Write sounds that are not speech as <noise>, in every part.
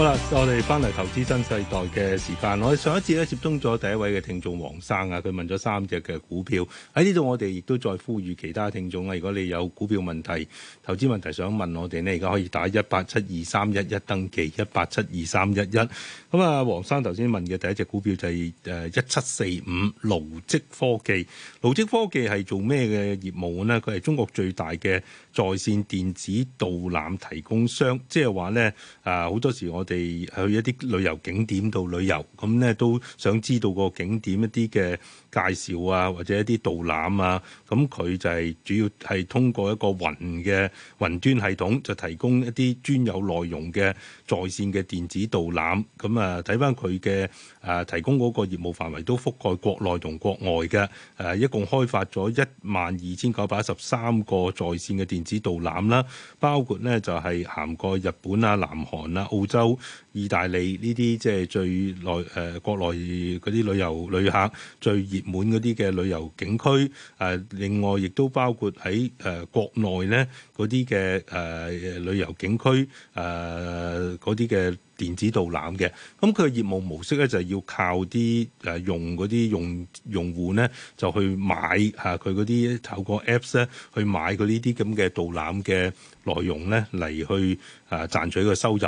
好啦，我哋翻嚟投資新世代嘅時間。我哋上一次咧接通咗第一位嘅聽眾黃生啊，佢問咗三隻嘅股票喺呢度。我哋亦都再呼籲其他聽眾啊，如果你有股票問題、投資問題想問我哋呢，而家可以打一八七二三一一登記一八七二三一一。咁啊，黃生頭先問嘅第一隻股票就係誒一七四五勞積科技。勞積科技係做咩嘅業務呢？佢係中國最大嘅。在線電子導覽提供商，即係話咧，啊、呃、好多時我哋去一啲旅遊景點度旅遊，咁咧都想知道個景點一啲嘅。介紹啊，或者一啲導覽啊，咁、嗯、佢就係主要係通過一個雲嘅雲端系統，就提供一啲專有內容嘅在線嘅電子導覽。咁、嗯、啊，睇返佢嘅誒提供嗰個業務範圍都覆蓋國內同國外嘅誒、呃，一共開發咗一萬二千九百一十三個在線嘅電子導覽啦，包括呢就係涵蓋日本啊、南韓啊、澳洲、意大利呢啲即係最內誒、呃、國內嗰啲旅遊旅客最熱熱門嗰啲嘅旅遊景區，誒另外亦都包括喺誒、呃、國內咧嗰啲嘅誒旅遊景區誒嗰啲嘅電子導覽嘅，咁佢嘅業務模式咧就係、是、要靠啲誒、呃、用嗰啲用用戶咧就去買嚇佢嗰啲透過 Apps 咧去買嗰呢啲咁嘅導覽嘅內容咧嚟去誒、呃、賺取個收入，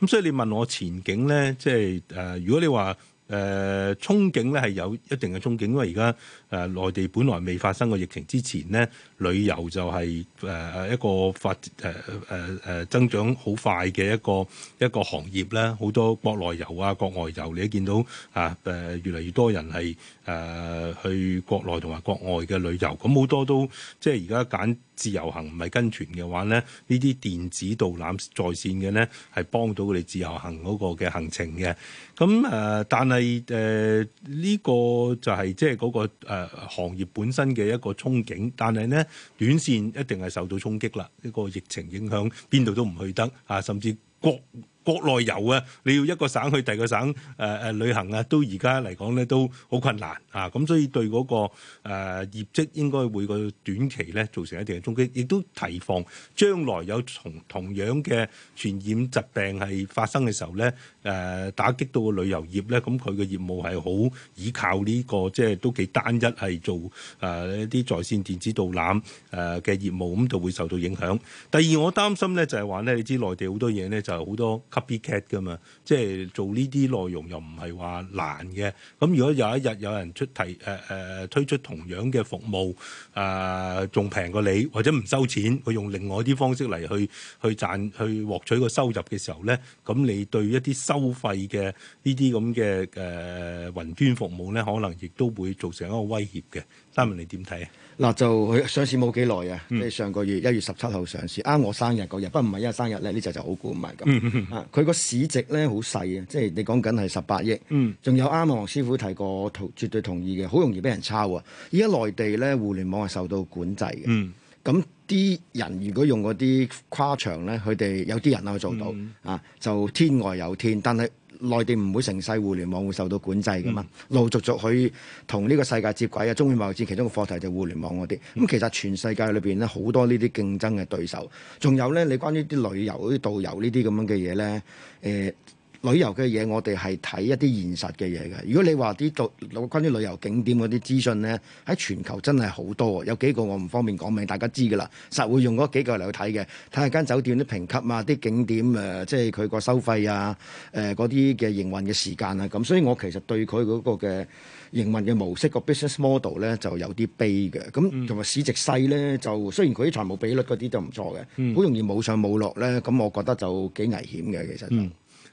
咁所以你問我前景咧，即係誒、呃、如果你話，誒憧憬咧係有一定嘅憧憬，因為而家誒內地本來未發生過疫情之前咧，旅遊就係、是、誒、呃、一個發誒誒誒增長好快嘅一個一個行業啦。好多國內遊啊、國外遊，你都見到啊誒、呃，越嚟越多人係誒、呃、去國內同埋國外嘅旅遊，咁、嗯、好多都即係而家揀。自由行唔係跟團嘅話咧，呢啲電子導覽在線嘅咧係幫到佢哋自由行嗰個嘅行程嘅。咁誒、呃，但係誒呢個就係即係嗰個、呃、行業本身嘅一個憧憬，但係咧短線一定係受到衝擊啦。呢、呢個疫情影響，邊度都唔去得啊，甚至國。國內遊啊，你要一個省去第二個省誒誒、呃呃、旅行啊，都而家嚟講咧都好困難啊！咁所以對嗰、那個誒、呃、業績應該會個短期咧造成一定嘅衝擊，亦都提防將來有同同樣嘅傳染疾病係發生嘅時候咧誒、呃、打擊到個旅遊業咧，咁佢嘅業務係好依靠呢、這個即係都幾單一係做誒、呃、一啲在線電子導覽誒嘅、呃、業務，咁就會受到影響。第二我擔心咧就係話咧，你知內地好多嘢咧就係好多。copycat 㗎嘛，即係做呢啲內容又唔係話難嘅。咁如果有一日有人出提誒誒、呃呃、推出同樣嘅服務，誒仲平過你或者唔收錢，佢用另外啲方式嚟去去賺去獲取個收入嘅時候咧，咁你對一啲收費嘅呢啲咁嘅誒雲端服務咧，可能亦都會造成一個威脅嘅。丹文，你點睇啊？嗱，就佢上市冇幾耐啊，即係上個月一月十七號上市，啱我生日嗰日，不過唔係因為生日咧，呢隻就好估唔係咁。啊，佢個 <laughs> 市值咧好細啊，即係你講緊係十八億，嗯，仲有啱啊，黃師傅提過，我同絕對同意嘅，好容易俾人抄啊。而家內地咧，互聯網係受到管制嘅，嗯，咁。啲人如果用嗰啲跨場咧，佢哋有啲人可以做到、嗯、啊，就天外有天。但係內地唔會成世互聯網會受到管制噶嘛，陸、嗯、續續去同呢個世界接軌啊。中美貿易戰其中嘅課題就互聯網嗰啲。咁、嗯嗯、其實全世界裏邊咧好多呢啲競爭嘅對手，仲有咧你關於啲旅遊啲導遊呢啲咁樣嘅嘢咧，誒、呃。旅遊嘅嘢，我哋係睇一啲現實嘅嘢嘅。如果你話啲到關於旅遊景點嗰啲資訊咧，喺全球真係好多。有幾個我唔方便講，畀大家知㗎啦。實會用嗰幾個嚟去睇嘅，睇下間酒店啲評級啊，啲景點誒、呃，即係佢個收費啊，誒嗰啲嘅營運嘅時間啊，咁。所以我其實對佢嗰個嘅營運嘅模式、個 business model 咧就有啲悲嘅。咁同埋市值細咧，就雖然佢啲財務比率嗰啲都唔錯嘅，好、嗯、容易冇上冇落咧。咁我覺得就幾危險嘅，其實。嗯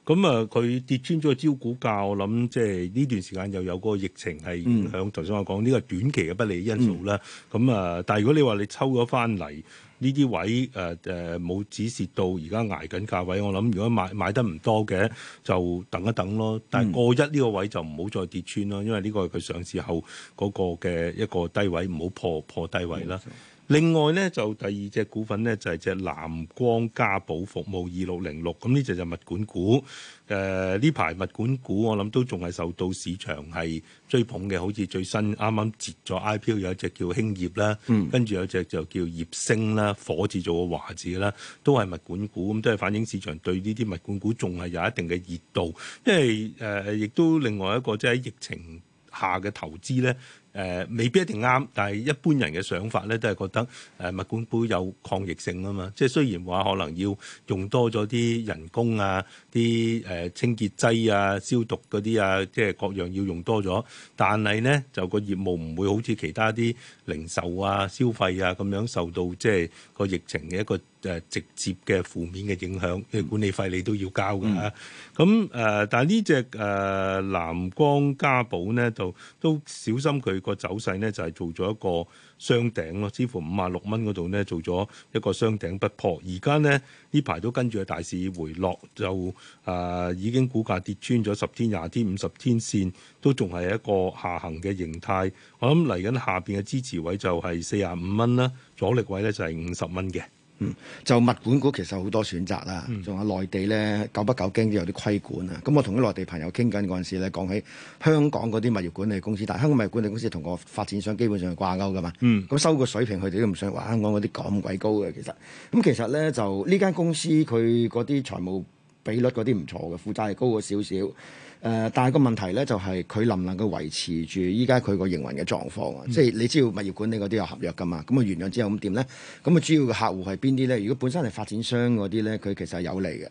咁啊，佢跌穿咗個招股價，我諗即係呢段時間又有個疫情係影響。頭先我講呢個短期嘅不利因素啦。咁啊、嗯，但係如果你話你抽咗翻嚟呢啲位，誒誒冇止蝕到而家捱緊價位，我諗如果買買得唔多嘅，就等一等咯。但係過一呢個位就唔好再跌穿咯，因為呢個係佢上市後嗰個嘅一個低位，唔好破破低位啦。.另外咧，就第二隻股份咧，就係隻藍光嘉寶服務二六零六，咁呢隻就物管股。誒呢排物管股，我諗都仲係受到市場係追捧嘅，好似最新啱啱截咗 IPO 有一隻叫興業啦，嗯、跟住有隻就叫燁星啦，火字做個華字啦，都係物管股，咁都係反映市場對呢啲物管股仲係有一定嘅熱度。因為誒，亦、呃、都另外一個即係喺疫情下嘅投資咧。誒、呃、未必一定啱，但係一般人嘅想法咧，都係覺得誒、呃、物管杯有抗逆性啊嘛。即係雖然話可能要用多咗啲人工啊、啲誒、呃、清潔劑啊、消毒嗰啲啊，即係各樣要用多咗，但係咧就個業務唔會好似其他啲零售啊、消費啊咁樣受到即係個疫情嘅一個，誒直接嘅負面嘅影響，管理費你都要交㗎。咁誒、嗯嗯，但係呢隻誒藍光家寶咧，就都，都小心佢個走勢咧，就係、是、做咗一個雙頂咯。似乎五啊六蚊嗰度咧，做咗一個雙頂不破。而家咧呢排都跟住個大市回落，就誒、呃、已經股價跌穿咗十天、廿天、五十天線，都仲係一個下行嘅形態。我諗嚟緊下邊嘅支持位就係四啊五蚊啦，阻力位咧就係五十蚊嘅。嗯，就物管股其實好多選擇啦，仲、嗯、有內地咧，久不久經都有啲規管啊。咁、嗯、我同啲內地朋友傾緊嗰陣時咧，講起香港嗰啲物業管理公司，但係香港物業管理公司同個發展商基本上係掛鈎噶嘛。嗯，咁收個水平，佢哋都唔想話香港嗰啲咁鬼高嘅，其實。咁其實咧就呢間公司佢嗰啲財務比率嗰啲唔錯嘅，負債係高咗少少。誒、呃，但係個問題咧，就係佢能唔能夠維持住依家佢個營運嘅狀況啊？嗯、即係你知道，物業管理嗰啲有合約噶嘛？咁啊，完咗之後咁點咧？咁啊，主要嘅客戶係邊啲咧？如果本身係發展商嗰啲咧，佢其實係有利嘅。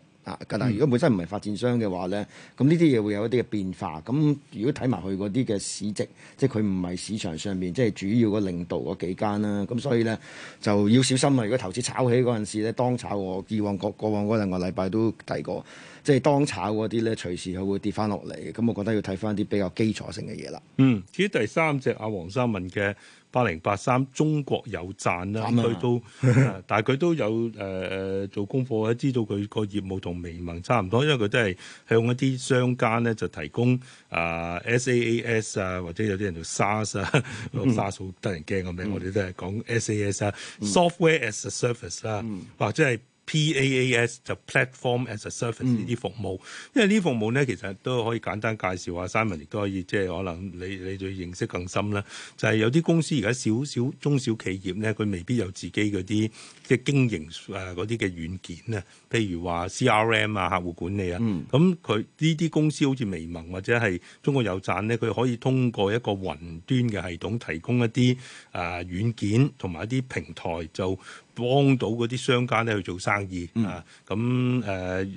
但係如果本身唔係發展商嘅話咧，咁呢啲嘢會有一啲嘅變化。咁如果睇埋佢嗰啲嘅市值，即係佢唔係市場上面，即係主要嘅領導嗰幾間啦。咁所以咧就要小心啦。如果投資炒起嗰陣時咧，當炒我以往過過往嗰兩個禮拜都提過，即係當炒嗰啲咧隨時佢會跌翻落嚟。咁我覺得要睇翻啲比較基礎性嘅嘢啦。嗯，至於第三隻阿黃三文嘅。八零八三，83，中國有贊啦，佢都， <laughs> 但係佢都有誒、呃、做功課，知道佢個業務同微盟差唔多，因為佢都係向一啲商家咧就提供啊、呃、SaaS 啊，或者有啲人叫 SaaS 啊，SaaS 好、嗯、 <laughs> 得人驚咁樣，嗯、我哋都係講 SaaS 啊、嗯、software as a service 啦、啊，或者係。PaaS 就 Platform as a Service 呢啲、嗯、服務，因為呢啲服務咧其實都可以簡單介紹下。Simon 亦都可以即係可能你你對認識更深啦。就係、是、有啲公司而家少少中小企業咧，佢未必有自己嗰啲即係經營啊嗰啲嘅軟件啊，譬如話 CRM 啊、客戶管理啊。咁佢呢啲公司好似微盟或者係中國有贊咧，佢可以通過一個雲端嘅系統提供一啲啊軟件同埋一啲平台就。幫到嗰啲商家咧去做生意、嗯、啊！咁誒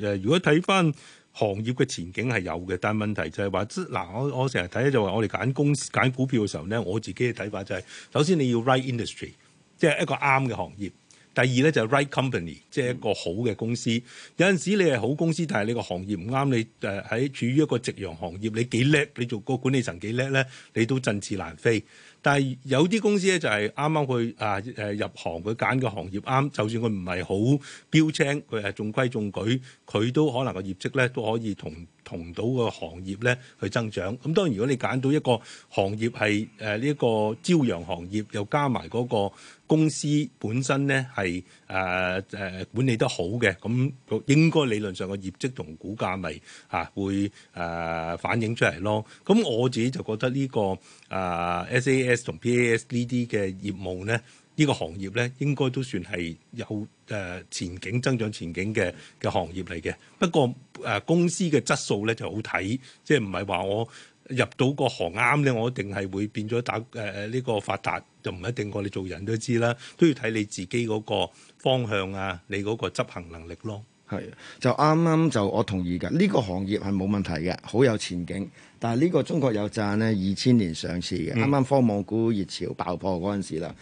誒，如果睇翻行業嘅前景係有嘅，但係問題就係、是、話，嗱，我我成日睇咧就話，我哋揀、就是、公司揀股票嘅時候咧，我自己嘅睇法就係、是，首先你要 right industry，即係一個啱嘅行業；第二咧就 right、是、company，即係一個好嘅公司。嗯、有陣時你係好公司，但係你個行業唔啱，你誒喺、呃、處於一個夕陽行業，你幾叻，你做個管理層幾叻咧，你都振翅難飛。但係有啲公司咧就係啱啱去啊誒入行，佢揀嘅行業啱，就算佢唔係好標青，佢係中規中矩，佢都可能個業績咧都可以同。同到個行業咧去增長，咁當然如果你揀到一個行業係誒呢個朝陽行業，又加埋嗰個公司本身咧係誒誒管理得好嘅，咁應該理論上個業績同股價咪嚇會誒反映出嚟咯。咁我自己就覺得呢個誒 SAS 同 PAS 呢啲嘅業務咧。呢個行業咧，應該都算係有誒前景增長前景嘅嘅行業嚟嘅。不過誒、呃、公司嘅質素咧就好睇，即係唔係話我入到個行啱咧，我一定係會變咗打誒誒呢個發達，就唔一定。過你做人都知啦，都要睇你自己嗰個方向啊，你嗰個執行能力咯。係，就啱啱就我同意㗎。呢、這個行業係冇問題嘅，好有前景。但係呢個中國有贊咧，二千年上市嘅，啱啱、嗯、科網股熱潮爆破嗰陣時啦。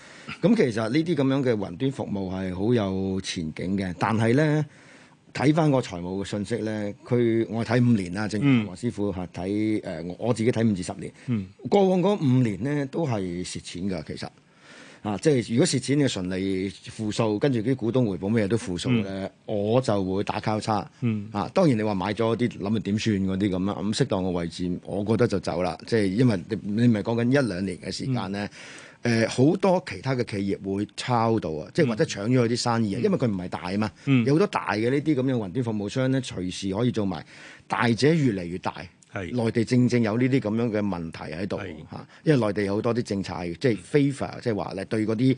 咁其實呢啲咁樣嘅雲端服務係好有前景嘅。但係咧，睇翻個財務嘅信息咧，佢我睇五年啦，正如黃師傅係睇誒，我自己睇五至十年。過往嗰五年咧都係蝕錢㗎，其實。啊！即係如果蝕錢嘅純利負數，跟住啲股東回報咩都負數咧，嗯、我就會打交叉。嗯、啊，當然你話買咗啲諗住點算嗰啲咁啦，咁適當嘅位置，我覺得就走啦。即係因為你唔係講緊一兩年嘅時間咧，誒好、嗯呃、多其他嘅企業會抄到啊，即係或者搶咗佢啲生意啊，嗯、因為佢唔係大啊嘛，嗯、有好多大嘅呢啲咁樣雲端服務商咧，隨時可以做埋，大者越嚟越大。係內地正正有呢啲咁樣嘅問題喺度嚇，是因為內地有好多啲政策係即係 favor，即係話咧，對嗰啲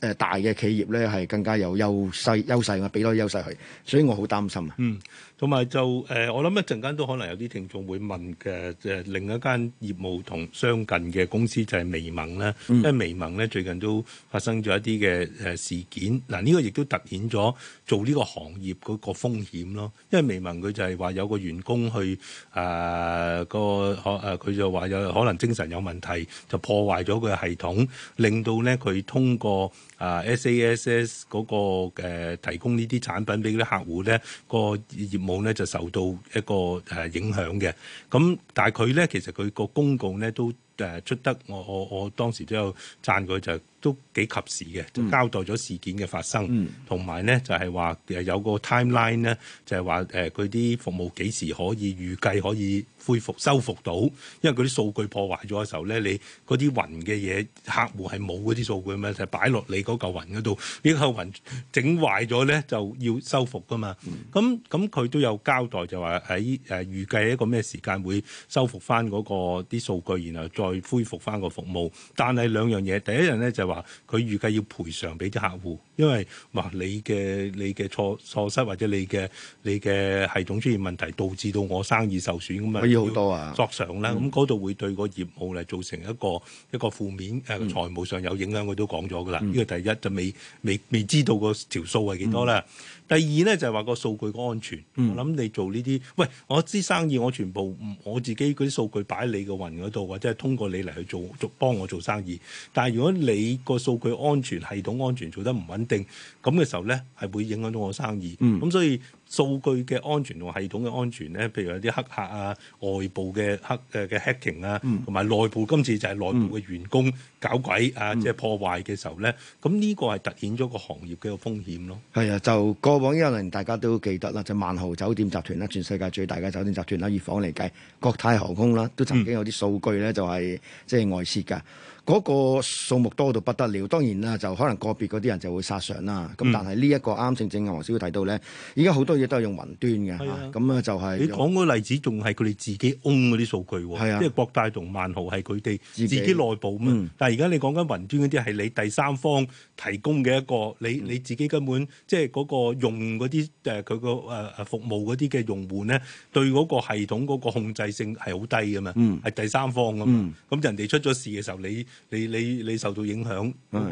誒大嘅企業咧係更加有優勢優勢啊，俾多優勢佢，所以我好擔心啊。嗯同埋就誒我諗一陣間都可能有啲聽眾會問嘅，即係另一間業務同相近嘅公司就係微盟啦、嗯這個。因為微盟咧最近都發生咗一啲嘅誒事件，嗱呢個亦都凸顯咗做呢個行業個風險咯。因為微盟佢就係話有個員工去誒個可誒，佢、呃、就話有可能精神有問題就破壞咗個系統令到咧佢通過啊 SaaS 個誒提供呢啲產品俾啲客戶咧、嗰個業務。冇咧就受到一個誒影響嘅，咁但係佢咧其實佢個公告咧都誒出得我我我當時都有讚佢就是。都幾及時嘅，就交代咗事件嘅發生，同埋咧就係話誒有個 timeline 咧，就係話誒佢啲服務幾時可以預計可以恢復修復到，因為嗰啲數據破壞咗嘅時候咧，你嗰啲雲嘅嘢，客戶係冇嗰啲數據咩，就擺、係、落你嗰嚿雲嗰度，呢個雲整壞咗咧就要修復噶嘛。咁咁佢都有交代就話喺誒預計一個咩時間會修復翻嗰個啲數據，然後再恢復翻個服務，但係兩樣嘢，第一樣咧就。就話佢預計要賠償俾啲客戶，因為話你嘅你嘅錯錯失或者你嘅你嘅系統出現問題導致到我生意受損咁啊，可以好多啊索償啦。咁嗰度會對個業務嚟造成一個、嗯、一個負面誒財、呃、務上有影響，佢都講咗噶啦，呢、嗯、個第一就未未未,未知道個條數係幾多啦。嗯第二咧就係、是、話個數據安全，嗯、我諗你做呢啲，喂，我知生意我全部我自己嗰啲數據擺喺你個雲嗰度，或者係通過你嚟去做做，幫我做生意。但係如果你個數據安全、系統安全做得唔穩定，咁嘅時候咧係會影響到我生意。咁、嗯、所以。數據嘅安全同系統嘅安全咧，譬如有啲黑客啊、外部嘅黑嘅嘅 hacking 啊、嗯，同埋內部今次就係內部嘅員工搞鬼啊，嗯、即係破壞嘅時候咧，咁呢個係突顯咗個行業嘅風險咯。係啊，就過往一年大家都記得啦，就係、萬豪酒店集團啦，全世界最大嘅酒店集團啦，以房嚟計，國泰航空啦，都曾經有啲數據咧，就係即係外泄㗎。嗰個數目多到不得了，當然啦，就可能個別嗰啲人就會殺上啦。咁、嗯、但係呢一個啱正正黃小姐提到咧，而家好多嘢都係用雲端嘅咁啊，啊就係你講嗰個例子，仲係佢哋自己 own 嗰啲數據喎，即係、啊、國泰同萬豪係佢哋自己內部嘛。嗯、但係而家你講緊雲端嗰啲係你第三方提供嘅一個，你你自己根本即係嗰個用嗰啲誒佢個誒誒服務嗰啲嘅用戶咧，對嗰個系統嗰個控制性係好低㗎嘛，係、嗯、第三方㗎嘛，咁、嗯嗯、人哋出咗事嘅時候你。你你你受到影響，嗰、那個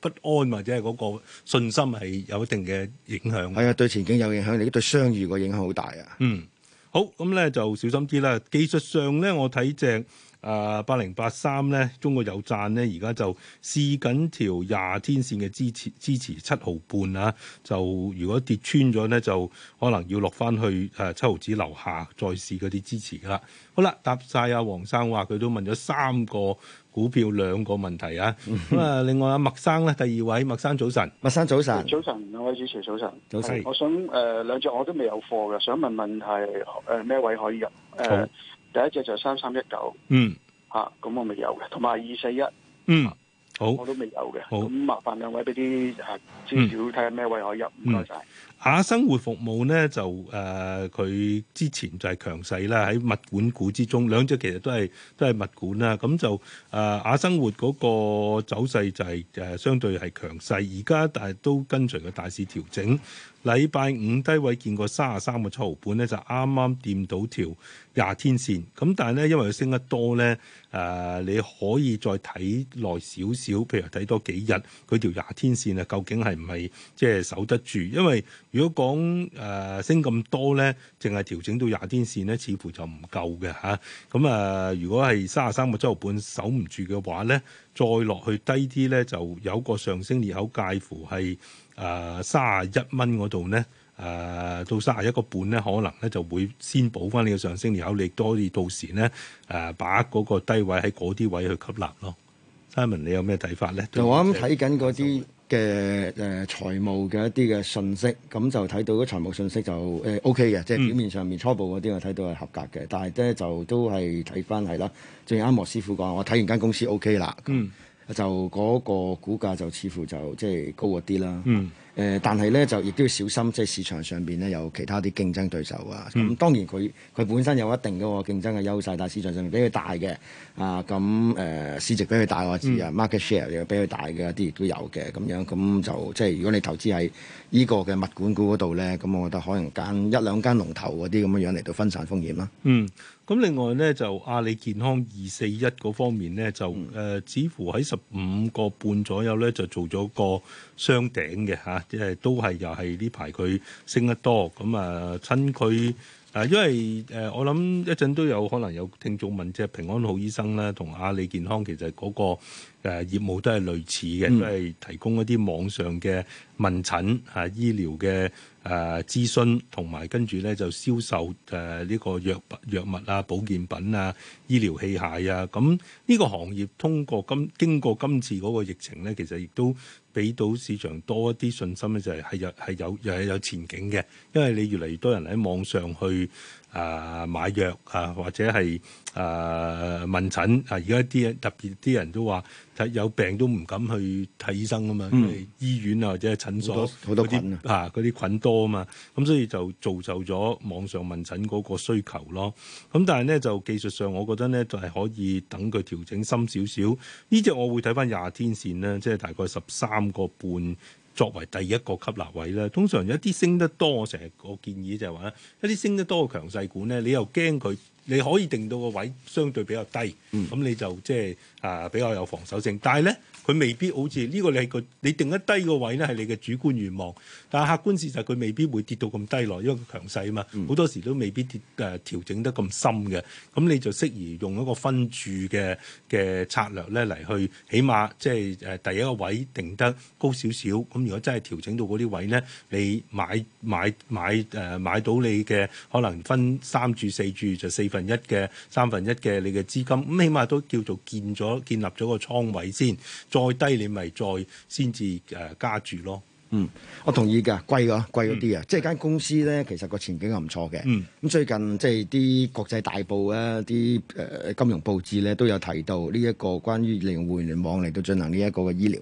不安或者係嗰個信心係有一定嘅影響。係啊、哎，對前景有影響，你且對商譽個影響好大啊。嗯，好，咁咧就小心啲啦。技術上咧，我睇隻、就是。啊，八零八三咧，中國有贊咧，而家就試緊條廿天線嘅支持，支持七毫半啊。就如果跌穿咗咧，就可能要落翻去啊七、呃、毫子樓下再試嗰啲支持噶、啊、啦。好啦，答晒阿黃生話佢都問咗三個股票兩個問題啊。咁啊、嗯哼，另外阿麥生咧，第二位麥生早晨。麥生早晨，早晨啊，兩位主持早晨，早晨，我想誒兩隻我都未有貨嘅，想問問係誒咩位可以入誒？呃第一隻就三三一九，嗯，吓、啊，咁我未有嘅，同埋二四一，嗯，好，我都未有嘅，好，咁麻煩兩位俾啲資料睇下咩位可以入，唔該晒。嗯嗯亞生活服務咧就誒佢、呃、之前就係強勢啦，喺物管股之中兩隻其實都係都係物管啦，咁就誒、呃、亞生活嗰個走勢就係、是、誒、呃、相對係強勢，而家但係都跟隨個大市調整。禮拜五低位見過三十三個七毫半咧，就啱啱掂到條廿天線。咁但係咧，因為佢升得多咧，誒、呃、你可以再睇耐少少，譬如睇多幾日，佢條廿天線啊，究竟係唔係即係守得住？因為如果講誒、呃、升咁多咧，淨係調整到廿天線咧，似乎就唔夠嘅嚇。咁啊，如果係三啊三個週半守唔住嘅話咧，再落去低啲咧，就有個上升裂口介乎係誒三啊一蚊嗰度咧，誒、呃呃、到三啊一個半咧，可能咧就會先補翻你嘅上升裂口，你亦多啲到時咧誒、呃、把握嗰個低位喺嗰啲位去吸納咯。Simon，你有咩睇法咧？就我啱睇緊嗰啲。嘅誒、呃、財務嘅一啲嘅信息，咁就睇到嗰財務信息就誒、呃、OK 嘅，即係、嗯、表面上面初步嗰啲我睇到係合格嘅，但係咧就都係睇翻係啦。正如啱莫師傅講，我睇完間公司 OK 啦，嗯、就嗰個股價就似乎就即係、就是、高嗰啲啦。嗯。誒，但係咧就亦都要小心，即係市場上邊咧有其他啲競爭對手啊。咁、嗯、當然佢佢本身有一定嘅、哦、競爭嘅優勢，但係市場上面比佢大嘅啊，咁、呃、誒市值比佢大個字啊，market share 又比佢大嘅一啲亦都有嘅咁樣，咁就即係如果你投資喺呢個嘅物管股嗰度咧，咁我覺得可能揀一兩間龍頭嗰啲咁嘅樣嚟到分散風險啦。嗯，咁另外咧就阿里健康二四一嗰方面咧就誒、呃，似乎喺十五個半左右咧就做咗個雙頂嘅嚇，即係都係又係呢排佢升得多咁啊！親佢啊，因為誒、啊，我諗一陣都有可能有聽眾問啫，即係平安好醫生啦，同阿里健康其實嗰、那個誒、啊、業務都係類似嘅，都係提供一啲網上嘅問診嚇、啊、醫療嘅誒諮詢，同埋跟住咧就銷售誒呢、啊這個藥品、藥物啊、保健品啊、醫療器械啊。咁呢個行業通過，經過今經過今次嗰個疫情咧，其實亦都～俾到市場多一啲信心咧，就係係有係有又係有前景嘅，因為你越嚟越多人喺網上去。啊，買藥啊，或者係啊問診啊，而家啲特別啲人都話睇有病都唔敢去睇醫生啊嘛，因為、嗯、醫院啊或者診所好多好多菌啊，嗰啲菌多啊嘛，咁所以就造就咗網上問診嗰個需求咯。咁但係咧就技術上，我覺得咧就係、是、可以等佢調整深少少。呢隻我會睇翻廿天線啦，即係大概十三個半。作為第一個吸納位咧，通常有一啲升得多，我成日個建議就係話，一啲升得多嘅強勢股咧，你又驚佢，你可以定到個位相對比較低，咁、嗯、你就即係啊比較有防守性，但係咧。佢未必好似呢、這個、個，你係個你定得低個位咧，係你嘅主觀願望。但係客觀事實，佢未必會跌到咁低落，因為佢強勢啊嘛。好多時都未必跌誒調、呃、整得咁深嘅。咁、嗯、你就適宜用一個分注嘅嘅策略咧嚟去起碼、就是，起碼即係誒第一個位定得高少少。咁、嗯、如果真係調整到嗰啲位咧，你買買買誒、呃、買到你嘅可能分三注四注就四分一嘅三分一嘅你嘅資金，咁、嗯、起碼都叫做建咗建立咗個倉位先。再低你咪再先至誒加注咯。嗯，我同意噶，貴啊，貴咗啲啊。嗯、即係間公司咧，其實個前景係唔錯嘅。咁、嗯、最近即係啲國際大報啊，啲誒金融報紙咧都有提到呢一個關於利用互聯網嚟到進行呢一個嘅醫療。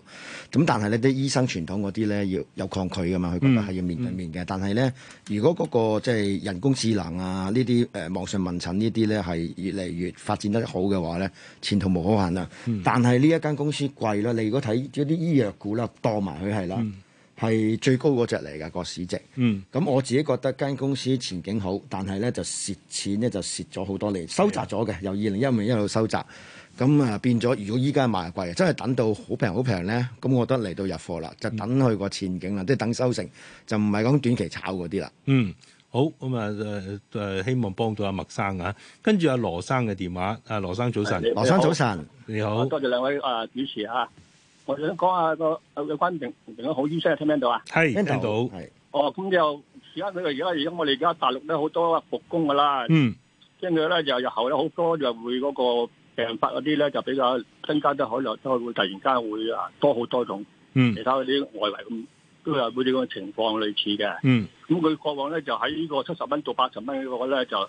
咁但係呢啲醫生傳統嗰啲咧要有抗拒噶嘛，佢覺得係要面對面嘅。嗯嗯、但係咧，如果嗰、嗰個即係、就是、人工智能啊，呢啲誒網上問診呢啲咧係越嚟越發展得好嘅話咧，前途無可限量。嗯、但係呢一間公司貴咯，你如果睇啲醫藥股啦，多埋佢係啦。嗯係最高嗰隻嚟噶個市值，咁、嗯、我自己覺得間公司前景好，但係咧就蝕錢咧就蝕咗好多年。的收窄咗嘅，由二零一五年一路收窄，咁啊變咗。如果依家賣貴，真係等到好平好平咧，咁我覺得嚟到入貨啦，就等佢個前景啦，即係、嗯、等收成，就唔係講短期炒嗰啲啦。嗯，好，咁啊誒誒，希望幫到阿麥生啊。跟住阿羅生嘅電話，阿羅生早晨，羅生早晨，你好，多謝兩位誒主持啊。我想講下個有關疫疫情嘅好消息，聽唔聽到啊？係，Hey, 聽到。係。哦，咁又而家佢哋而家而家我哋而家大陸咧好多復工㗎喇。嗯。跟住咧，又又後咧好多又會嗰個病發嗰啲咧，就比較增加得可能都會突然間會啊多好多種。嗯。其他嗰啲外圍咁都有好似個情況類似嘅。嗯。咁佢過往咧就喺呢個七十蚊到八十蚊嗰個咧就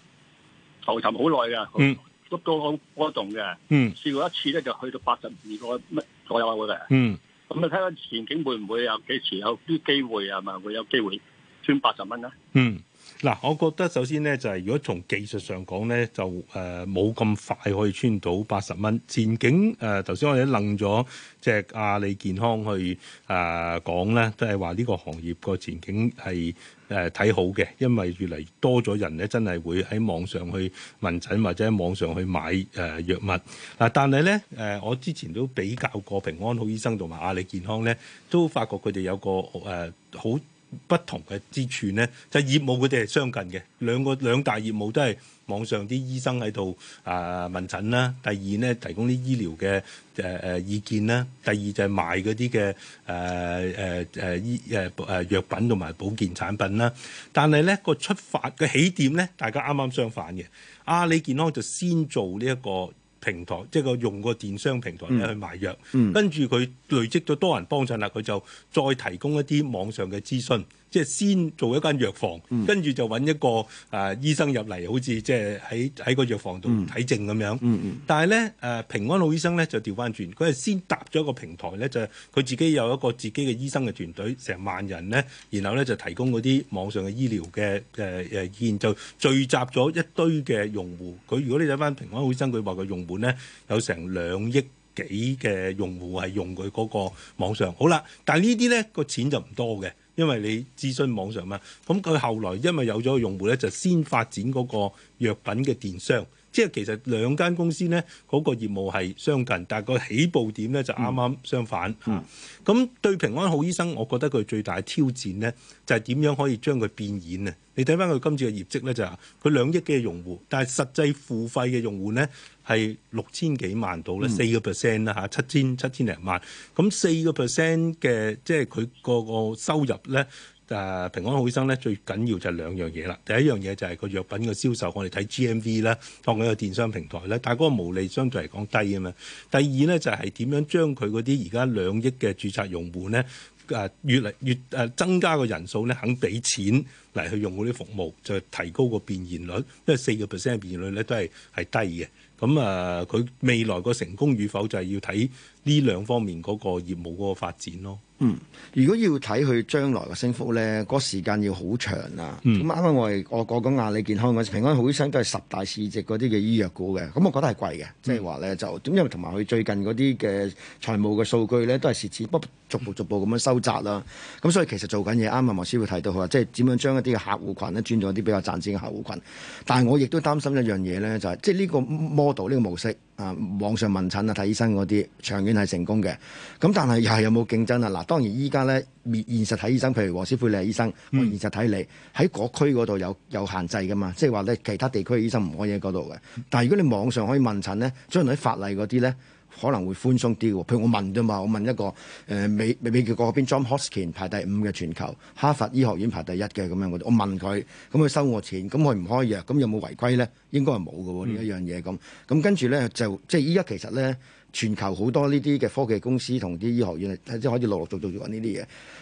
浮沉好耐嘅。嗯。都都好波動嘅。嗯。試過一次咧，就去到八十二個乜？我有啊，我哋。嗯， <noise> 咁你睇下前景會唔會有幾時有啲機會啊，係咪會有機會賺八十蚊啊，嗯。嗱，我覺得首先咧，就係如果從技術上講咧，就誒冇咁快可以穿到八十蚊前景。誒頭先我哋都楞咗即係阿里健康去誒講咧，都係話呢個行業個前景係誒睇好嘅，因為越嚟越多咗人咧，真係會喺網上去問診或者喺網上去買誒藥、呃、物。嗱、呃，但係咧誒，我之前都比較過平安好醫生同埋阿里健康咧，都發覺佢哋有個誒、呃、好，不同嘅之處咧，就係、業務佢哋係相近嘅，兩個兩大業務都係網上啲醫生喺度啊問診啦。第二咧，提供啲醫療嘅誒誒意見啦。第二就係賣嗰啲嘅誒誒誒醫誒誒藥品同埋保健產品啦。但係咧、這個出發嘅起點咧，大家啱啱相反嘅。阿、啊、里健康就先做呢、這、一個。平台即係個用個電商平台咧去賣藥，嗯、跟住佢累積咗多人幫襯啦，佢就再提供一啲網上嘅諮詢。即係先做一間藥房，跟住、嗯、就揾一個誒、呃、醫生入嚟，好似即係喺喺個藥房度睇症咁樣。嗯嗯、但係咧誒平安好醫生咧就調翻轉，佢係先搭咗一個平台咧，就佢、係、自己有一個自己嘅醫生嘅團隊，成萬人咧，然後咧就提供嗰啲網上嘅醫療嘅誒誒件，就聚集咗一堆嘅用戶。佢如果你睇翻平安好醫生，佢話嘅用戶咧有成兩億幾嘅用戶係用佢嗰個網上。好啦，但係呢啲咧個錢就唔多嘅。因為你諮詢網上嘛，咁佢後來因為有咗個用戶咧，就先發展嗰個藥品嘅電商。即係其實兩間公司呢，嗰、嗰個業務係相近，但係個起步點呢就啱啱相反。咁、嗯啊、對平安好醫生，我覺得佢最大挑戰呢就係、係、點樣可以將佢變現啊？你睇翻佢今次嘅業績呢，就係佢兩億嘅用戶，但係實際付費嘅用戶呢係六千幾萬到呢四個 percent 啦嚇，七千七千零萬。咁四個 percent 嘅即係佢個個收入呢。誒、啊、平安好醫生咧最緊要就兩樣嘢啦，第一樣嘢就係個藥品嘅銷售，我哋睇 GMV 啦，當佢個電商平台咧，但係嗰個毛利相對嚟講低啊嘛。第二咧就係、是、點樣將佢嗰啲而家兩億嘅註冊用戶咧，誒、啊、越嚟越誒增加個人數咧，肯俾錢嚟去用嗰啲服務，就提高個變現率，因為四個 percent 嘅變現率咧都係係低嘅。咁、嗯、啊，佢未來個成功與否就係要睇呢兩方面嗰個業務嗰個發展咯。嗯，如果要睇佢將來嘅升幅咧，嗰、那個、時間要好長啊。咁啱啱我係我講講阿里健康嗰時，平安好醫生都係十大市值嗰啲嘅醫藥股嘅，咁我覺得係貴嘅，即係話咧就點？因為同埋佢最近嗰啲嘅財務嘅數據咧，都係蝕錢，不過逐步逐步咁樣收窄啦。咁所以其實做緊嘢，啱啱莫師傅提到佢話，即係點樣將一啲嘅客戶群咧轉做一啲比較賺錢嘅客戶群。但係我亦都擔心一樣嘢咧，就係即係呢個 model 呢、這個模式啊，網上問診啊、睇醫生嗰啲長,期長,期長,長,期長,期長係成功嘅，咁但係又係有冇競爭啊？嗱，當然依家咧，現現實睇醫生，譬如黃師傅你係醫生，我、嗯、現實睇你喺個區嗰度有有限制噶嘛，即係話咧其他地區嘅醫生唔可以喺嗰度嘅。但係如果你網上可以問診咧，將來喺法例嗰啲咧可能會寬鬆啲嘅。譬如我問啫嘛，我問一個誒、呃、美美美國嗰邊 John Hoskin 排第五嘅全球哈佛醫學院排第一嘅咁樣嗰度，我問佢，咁佢收我錢，咁佢唔開藥，咁有冇違規咧？應該係冇嘅喎，嗯、呢一樣嘢咁。咁跟住咧就即係依家其實咧。全球好多呢啲嘅科技公司同啲醫學院係即係開始陸陸續續做緊呢啲嘢，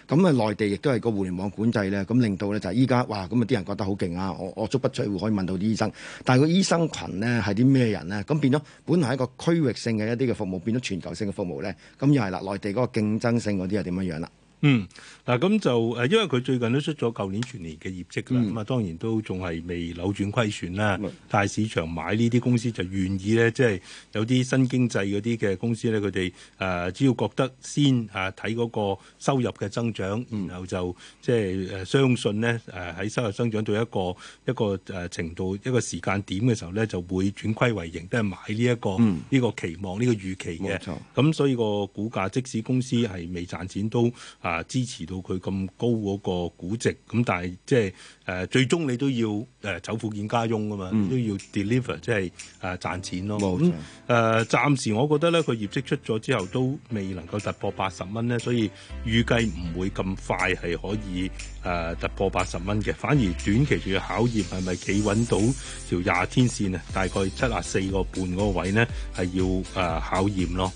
咁、嗯、啊內地亦都係個互聯網管制咧，咁、嗯、令到咧就係依家哇，咁啊啲人覺得好勁啊，我我足不出戶可以問到啲醫生，但係個醫生群咧係啲咩人咧？咁、嗯、變咗本來係一個區域性嘅一啲嘅服務，變咗全球性嘅服務咧，咁、嗯、又係啦，內地嗰個競爭性嗰啲又點樣樣啦？嗯，嗱咁就誒，因為佢最近都出咗舊年全年嘅業績啦，咁啊當然都仲係未扭轉虧損啦。但係市場買呢啲公司就願意咧，即係有啲新經濟嗰啲嘅公司咧，佢哋誒只要覺得先啊睇嗰個收入嘅增長，然後就即係誒相信咧誒喺收入增長到一個一個誒程度、一個時間點嘅時候咧，就會轉虧為盈，都係買呢一個呢個期望、呢個預期嘅。冇錯。咁所以個股價即使公司係未賺錢都。啊！支持到佢咁高嗰個估值，咁但係即係誒最終你都要誒、呃、走庫建家用㗎嘛，嗯、都要 deliver 即、就、係、是、誒賺、呃、錢咯。冇錯、嗯。誒、呃、暫時我覺得咧，佢業績出咗之後都未能夠突破八十蚊咧，所以預計唔會咁快係可以誒、呃、突破八十蚊嘅。反而短期仲要考驗係咪企穩到條廿天線啊，大概七十四個半嗰個位咧係要誒、呃、考驗咯。